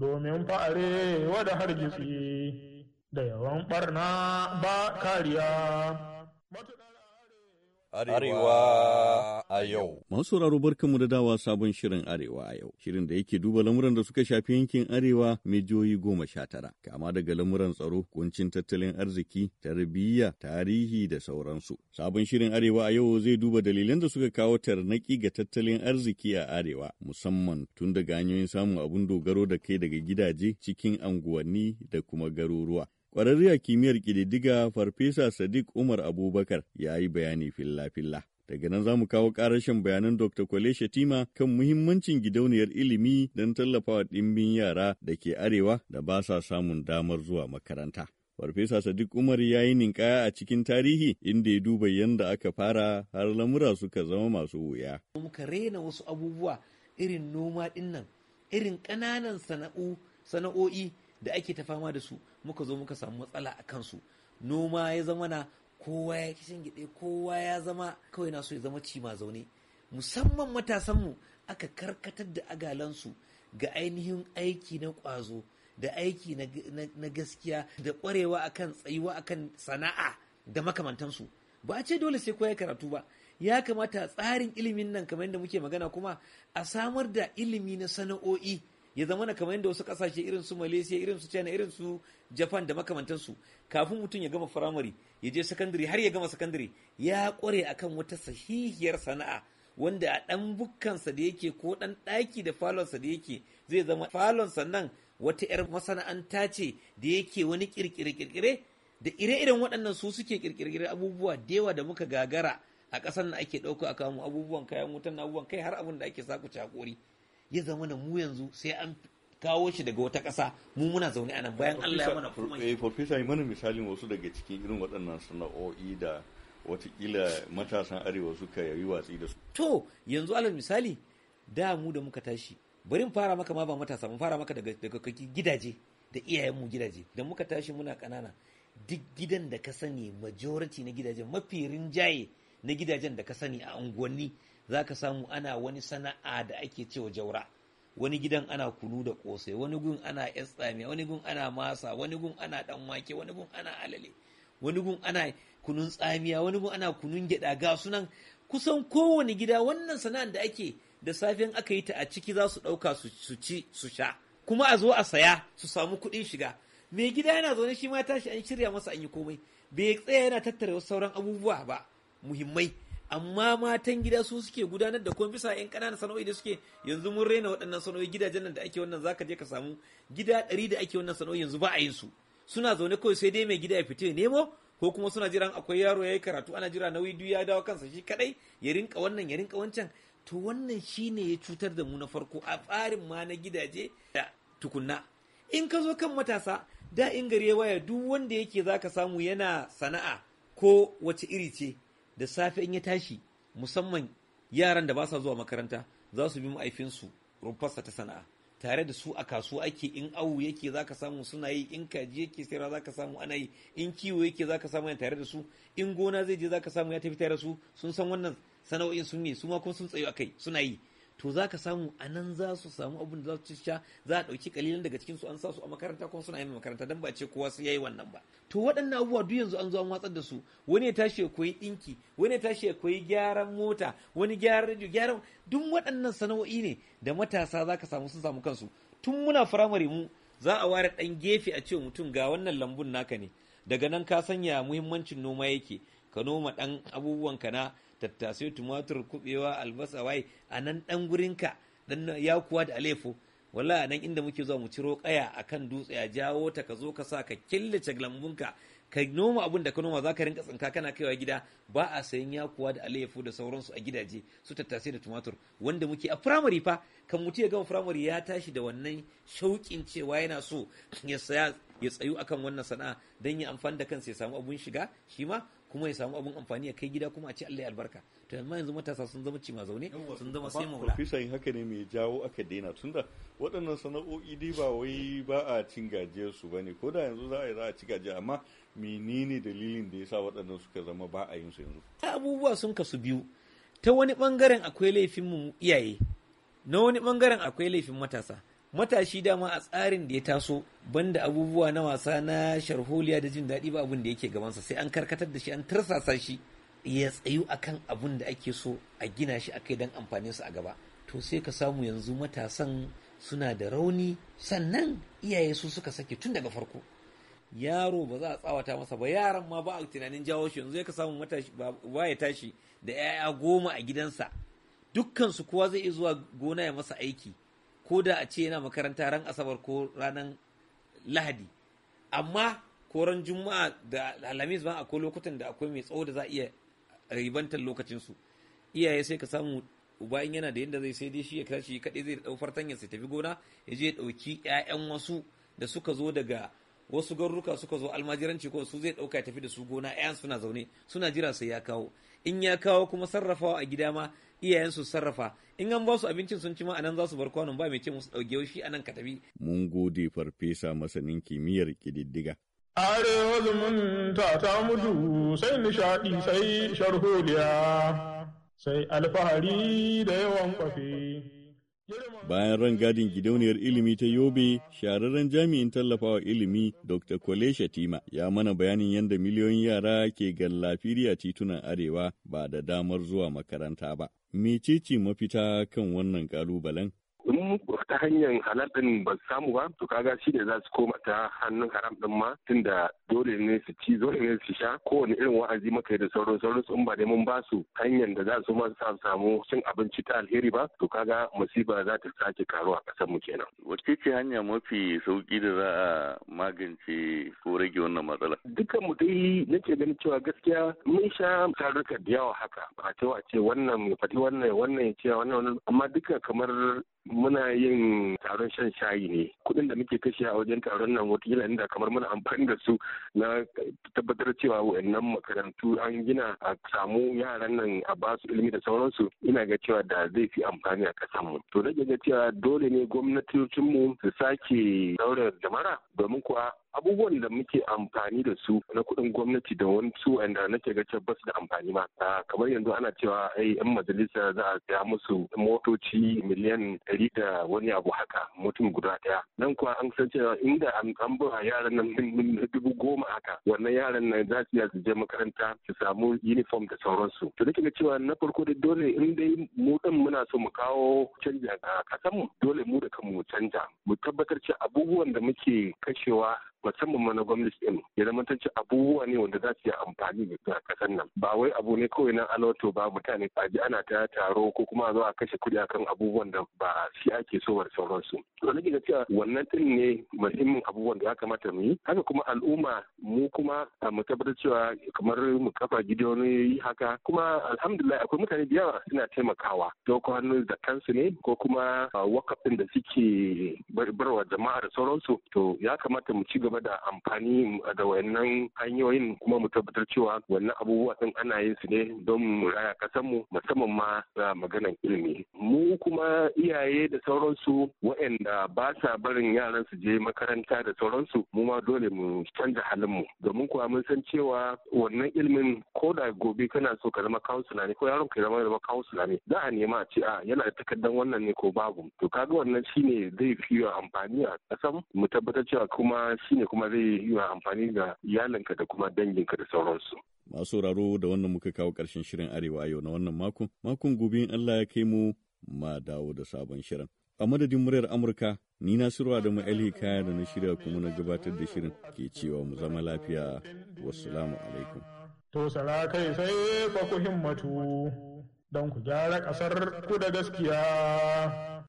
domin fa'are wada hargitsi da yawan ɓarna ba kariya. Arewa a yau. Masu sauraro barkanmu da dawa sabon shirin Arewa a yau. Shirin da yake duba lamuran da suka shafi yankin Arewa mai goma sha tara. Kama daga lamuran tsaro, kuncin tattalin arziki, tarbiyya, tarihi da sauransu. Sabon shirin Arewa a yau zai duba dalilan da suka kawo tarnaki ga tattalin arziki a Arewa, musamman tun daga hanyoyin samun abun dogaro da kai daga gidaje cikin anguwanni da kuma garuruwa. Ƙwararriya kimiyyar ƙididdiga Farfesa Sadiq Umar Abubakar ya yi bayani filla-filla. Daga nan za mu kawo ƙarashin bayanan Dr. Kwale Shatima kan muhimmancin gidauniyar ilimi don tallafawa ɗimbin yara da ke arewa da ba sa samun damar zuwa makaranta. Farfesa Sadiq Umar ya yi ninkaya a cikin tarihi inda ya duba yadda aka fara har lamura suka zama masu wuya. Muka rena wasu abubuwa irin noma ɗinnan, irin ƙananan sana'o'i da ake ta fama da su muka zo muka samu matsala a kansu noma ya zama na kowa ya kishin gide kowa ya zama kawai na so ya zama cima zaune musamman matasanmu aka karkatar da agalansu ga ainihin aiki na ƙwazo da aiki na gaskiya da ƙwarewa akan tsayuwa akan sana'a da makamantansu ba a ce dole sai kowa ya karatu ba ya kamata tsarin ilimin nan kamar yadda muke magana kuma a samar da ilimi na sana'o'i ya zama na kamar yadda wasu kasashe irin su malaysia irin su china irin su japan da makamantansu kafin mutum ya gama firamare ya je sakandare har ya gama sakandare ya kware akan wata sahihiyar sana'a wanda a ɗan bukkansa da yake ko ɗan ɗaki da falonsa da yake zai zama falonsa nan wata 'yar masana'anta ce da yake wani kirkire-kirkire da ire-iren waɗannan su suke kirkire abubuwa da yawa da muka gagara a ƙasar na ake ɗauka a kamu abubuwan kayan wutan abubuwan kai har abin da ake sakuce hakori. ya zama na mu yanzu sai an kawo shi daga wata ƙasa mu muna zaune a nan bayan Allah ya mana kuma eh professor yi mana misalin wasu daga cikin irin waɗannan sana'o'i da watakila matasan arewa suka yi watsi da su to yanzu alal misali da mu da muka tashi bari fara maka ma ba matasa mu fara maka daga daga gidaje da iyayenmu gidaje da muka tashi muna ƙanana duk gidan da ka sani majority na gidajen mafi rinjaye na gidajen da ka sani a unguwanni za ka samu ana wani sana'a da ake cewa jaura wani gidan ana kunu da kosai wani gun ana yan tsamiya wani gun ana masa wani gun ana dan wake wani gun ana alale wani gun ana kunun tsamiya wani gun ana kunun gyada ga sunan kusan kowane gida wannan sana'ar da ake da safiyan aka yi ta a ciki za su ɗauka su ci su sha kuma a zo a saya su samu kuɗin shiga mai gida yana zaune shi ma tashi an shirya masa an yi komai bai tsaya yana tattara sauran abubuwa ba muhimmai amma matan gida su suke gudanar da kuma bisa yan ƙananan sana'o'i da suke yanzu mun raina waɗannan sana'o'i gidajen nan da ake wannan zaka je ka samu gida ɗari da ake wannan sana'o'i yanzu ba a yin su suna zaune kawai sai dai mai gida ya fita ya nemo ko kuma suna jiran akwai yaro ya yi karatu ana jira nauyi duk ya dawo kansa shi kadai ya rinka wannan ya rinka wancan to wannan shine ya cutar da mu na farko a tsarin ma na gidaje da tukunna in ka zo kan matasa da in gare waya duk wanda yake zaka samu yana sana'a ko wace iri ce da safe in ya tashi musamman yaran da ba sa zuwa makaranta za su bi ma'aifinsu rumfarsa ta sana'a tare da su a kasuwa ake in awu yake za ka samu suna yi in kaji yake sayarwa za ka samu ana yi in kiwo yake za ka samu yana tare da su in gona zai je za ka samu ya tafi tare da su sun san wannan sana'o'in sun yi su ma kuma sun tsayo a kai, suna yi to za ka samu a nan za su samu abin da za su sha za a ɗauki kalilan daga cikin su an sa su a makaranta kuma suna yin makaranta don ba ce kowa sai yayi wannan ba to waɗannan abubuwa duk yanzu an zo an watsar da su wani ya tashi ya koyi ɗinki wani ya tashi ya koyi gyaran mota wani gyaran radio gyaran duk waɗannan sana'o'i ne da matasa za ka samu sun samu kansu tun muna firamare mu za a ware ɗan gefe a ce mutum ga wannan lambun naka ne daga nan ka sanya muhimmancin noma yake ka noma ɗan abubuwan ka na tattasai tumatur kubewa albasa wai a nan dan ka dan ya kuwa da alefo wallahi a nan inda muke zuwa mu ciro kaya akan dutse a jawo ta ka zo ka sa ka killace lambunka ka noma abun da ka noma za ka rinka tsinka kana kaiwa gida ba a sayan yakuwa da alefo da sauransu a gidaje su tattasai da tumatur wanda muke a firamare fa kan mutu ya gama firamare ya tashi da wannan shaukin cewa yana so ya saya ya tsayu akan wannan sana'a don ya amfani da kansa ya samu abun shiga shi ma kuma ya samu abin amfani ya kai gida kuma a ce Allah ya albarka to amma yanzu matasa sun zama cima zaune sun zama sai maula profesa yin haka ne mai jawo aka daina tunda waɗannan sana'o'i dai ba wai ba a cin gajiyar su bane ko da yanzu za a yi za a ci gajiya amma menene dalilin da ya sa waɗannan suka zama ba a yin su yanzu abubuwa sun kasu biyu ta wani bangaren akwai laifin mu iyaye na wani bangaren akwai laifin matasa matashi dama a tsarin da ya taso banda abubuwa na wasa na sharholiya da jin daɗi ba abin da yake gabansa sai an karkatar da shi an tarsasa shi ya tsayu akan abin da ake so a gina shi a kai don amfanin su a gaba to sai ka samu yanzu matasan suna da rauni sannan iyaye su suka sake tun daga farko yaro ba za a tsawata masa ba yaran ma ba a tunanin jawo shi yanzu ya ka samu matashi ba ya tashi da 'ya'ya goma a gidansa dukkan su kowa zai iya zuwa gona ya masa aiki ko da a ce yana makaranta ran asabar ko ranar lahadi amma koran juma'a da alhamis ba akwai lokutan da akwai mai tsawo da za a iya ribantar lokacinsu iyaye sai ka samu uba in yana da yadda zai sai dai shi ya kashi kadai zai ɗau fartanya sai tafi gona ya je ya ɗauki 'ya'yan wasu da suka zo daga wasu garuruka suka zo almajiranci ko su zai dauka tafi da su gona ayan suna zaune suna jira sai ya kawo in ya kawo kuma sarrafawa a gida ma iyayen su sarrafa in an ba su abincin sun ci ma anan za su bar kwanon ba mai ce musu dauke shi anan ka tafi mun gode farfesa masanin kimiyyar kididdiga are zumunta ta mutu sai nishadi sai sharholiya sai alfahari da yawan kwafi Bayan rangadin gidauniyar ilimi ta Yobe, shahararren jami'in tallafawa ilimi Dr. Kwale Shatima ya mana bayanin yadda miliyoyin yara ke gallafiri a titunan Arewa ba da damar zuwa makaranta ba. Mecece mafita kan wannan ƙalubalen? in ta hanyar halal din ba samu ba to kaga shi ne za su koma ta hannun haram din ma tunda dole ne su ci dole ne su sha kowane irin wa'azi maka da sauran su in ba dai mun ba su hanyar da za su ma su samu cin abinci ta alheri ba to kaga musiba za ta sake karuwa a kasar mu kenan wacce ce hanya mafi sauki da za a magance ko rage wannan matsala dukkan mu dai nake ganin cewa gaskiya mun sha tarurruka da yawa haka ba ta ce wannan ya faɗi wannan wannan ya ce wannan wannan amma duka kamar muna yin taron shan shayi ne kuɗin da muke kashe a wajen taron nan watakila inda kamar muna amfani da su na tabbatar cewa wayannan makarantu an gina a samu yaran nan a ba su ilimi da sauransu ina ga cewa da zai fi amfani a ƙasar mu to na ga cewa dole ne gwamnatocinmu su sake daura jamara domin kuwa abubuwan da muke amfani da su na kuɗin gwamnati da wani su wanda nake ga tabbas da amfani ma ah, kamar yanzu ana cewa ai yan majalisa za a saya musu motoci miliyan ɗari da wani abu haka mutum guda ɗaya nan kuwa an san cewa inda an ba yaran nan dubu goma haka wannan yaran nan za su su je makaranta su samu uniform da sauransu to nake cewa na farko da dole in dai mu ɗin muna so mu kawo canji a mu dole mu da kanmu mu canja mu tabbatar cewa abubuwan da muke kashewa musamman ma na gwamnati din ya zama ta abubuwa ne wanda za su yi amfani da su a ƙasar nan ba wai abu ne kawai na aloto ba mutane a ji ana ta taro ko kuma zo a kashe kuɗi akan abubuwan da ba shi ake so da sauransu to nake ga cewa wannan din ne muhimmin abubuwan da ya kamata mu yi haka kuma al'umma mu kuma mu tabbatar cewa kamar mu kafa gidoni haka kuma alhamdulillah akwai mutane da yawa suna taimakawa Ko hannu da kansu ne ko kuma wakafin da suke barwa jama'a da sauransu to ya kamata mu ci gaba game da amfani da wannan hanyoyin kuma mu tabbatar cewa wannan abubuwa sun ana yin su ne don mu raya mu musamman ma da maganan ilimi mu kuma iyaye da sauransu waɗanda ba sa barin yaran su je makaranta da sauransu mu ma dole mu canza halinmu domin kuwa mun san cewa wannan ilimin ko da gobe kana so ka zama kawunsula ne ko yaron ka zama zama kawunsula ne za a nema a ce a ah, yana da takardar wannan ne ko babu to kaga wannan shine zai fi amfani a kasan mu tabbatar cewa kuma shine ne kuma zai yi amfani ga iyalinka da kuma danginka da sauransu. Masu sauraro da wannan muka kawo ƙarshen shirin Arewa yau na wannan makon, makon gobe in Allah ya kai mu ma dawo da sabon shirin. A madadin muryar Amurka, ni na sirwa da ma'ali kaya da na shirya kuma na gabatar da shirin ke cewa mu zama lafiya. Wassalamu alaikum. To sara kai sai ku himmatu don ku gyara ƙasar ku da gaskiya.